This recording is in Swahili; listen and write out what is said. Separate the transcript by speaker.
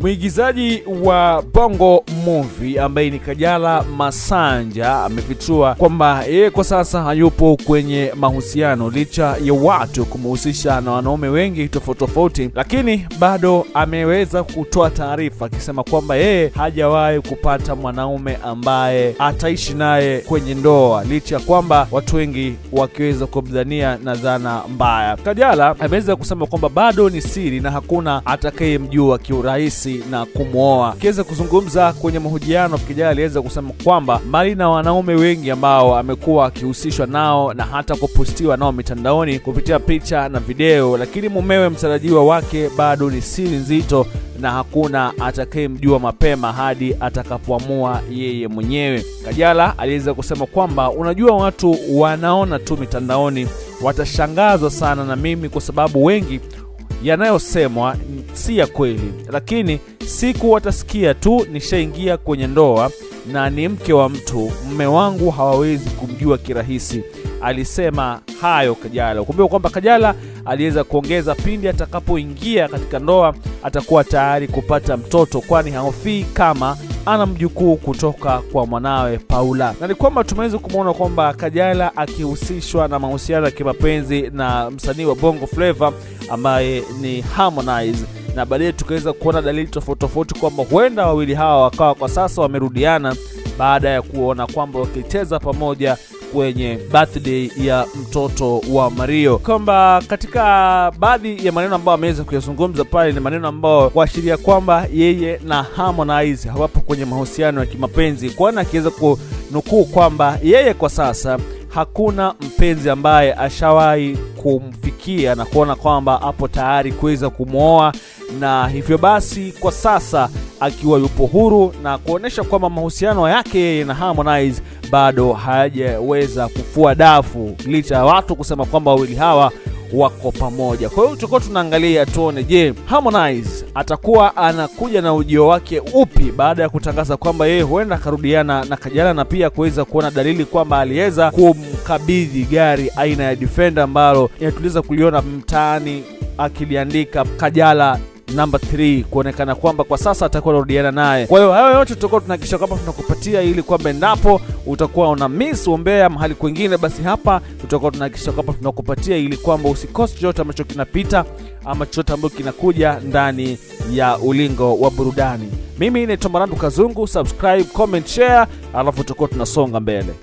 Speaker 1: Mwigizaji wa Bongo Movie ambaye ni Kajala Masanja amefichua kwamba yeye kwa sasa hayupo kwenye mahusiano licha ya watu kumhusisha na wanaume wengi tofauti tofauti, lakini bado ameweza kutoa taarifa akisema kwamba yeye hajawahi kupata mwanaume ambaye ataishi naye kwenye ndoa, licha ya kwamba watu wengi wakiweza kumdhania na dhana mbaya. Kajala ameweza kusema kwamba bado ni siri na hakuna atakayemjua kiurahisi risasi na kumwoa. Akiweza kuzungumza kwenye mahojiano, kijana aliweza kusema kwamba mbali na wanaume wengi ambao amekuwa akihusishwa nao na hata kupostiwa nao mitandaoni kupitia picha na video, lakini mumewe mtarajiwa wake bado ni siri nzito na hakuna atakayemjua mapema hadi atakapoamua yeye mwenyewe. Kajala aliweza kusema kwamba unajua, watu wanaona tu mitandaoni, watashangazwa sana na mimi kwa sababu wengi yanayosemwa si ya kweli, lakini siku watasikia tu, nishaingia kwenye ndoa na ni mke wa mtu, mme wangu hawawezi kumjua kirahisi. Alisema hayo Kajala. Ukumbuke kwamba Kajala aliweza kuongeza, pindi atakapoingia katika ndoa atakuwa tayari kupata mtoto, kwani haofii kama ana mjukuu kutoka kwa mwanawe Paula, na ni kwamba tumeweza kumwona kwamba Kajala akihusishwa na mahusiano ya kimapenzi na msanii wa Bongo Flava ambaye ni Harmonize na baadaye tukaweza kuona dalili tofauti tofauti kwamba huenda wawili hawa wakawa kwa sasa wamerudiana baada ya kuona kwamba wakicheza pamoja kwenye birthday ya mtoto wa Mario, kwamba katika baadhi ya maneno ambayo ameweza kuyazungumza pale ni maneno ambayo kuashiria kwamba yeye na Harmonize hawapo kwenye mahusiano ya kimapenzi, kwani akiweza kunukuu kwamba yeye kwa sasa hakuna mpenzi ambaye ashawahi kumfikia na kuona kwamba hapo tayari kuweza kumwoa, na hivyo basi kwa sasa akiwa yupo huru na kuonesha kwamba mahusiano yake yeye na Harmonize bado hayajaweza kufua dafu licha ya watu kusema kwamba wawili hawa wako pamoja. Kwa hiyo tutakuwa tunaangalia tuone, je, Harmonize atakuwa anakuja na ujio wake upi baada ya kutangaza kwamba yeye huenda akarudiana na Kajala na pia kuweza kuona dalili kwamba aliweza kumkabidhi gari aina ya Defender ambalo tuliweza kuliona mtaani akiliandika Kajala number 3 kuonekana kwamba kwa sasa atakuwa anarudiana naye. Kwa hiyo hayo yote tutakuwa tunahakikisha kwamba tunakupatia, ili kwamba endapo utakuwa una miss umbea mahali kwingine, basi hapa tutakuwa tunahakikisha kwamba tunakupatia, ili kwamba usikose chochote ambacho kinapita ama chochote ambacho kinakuja ndani ya ulingo wa burudani. Mimi ni Tomarandu Kazungu, subscribe, comment, share, alafu tutakuwa tunasonga mbele.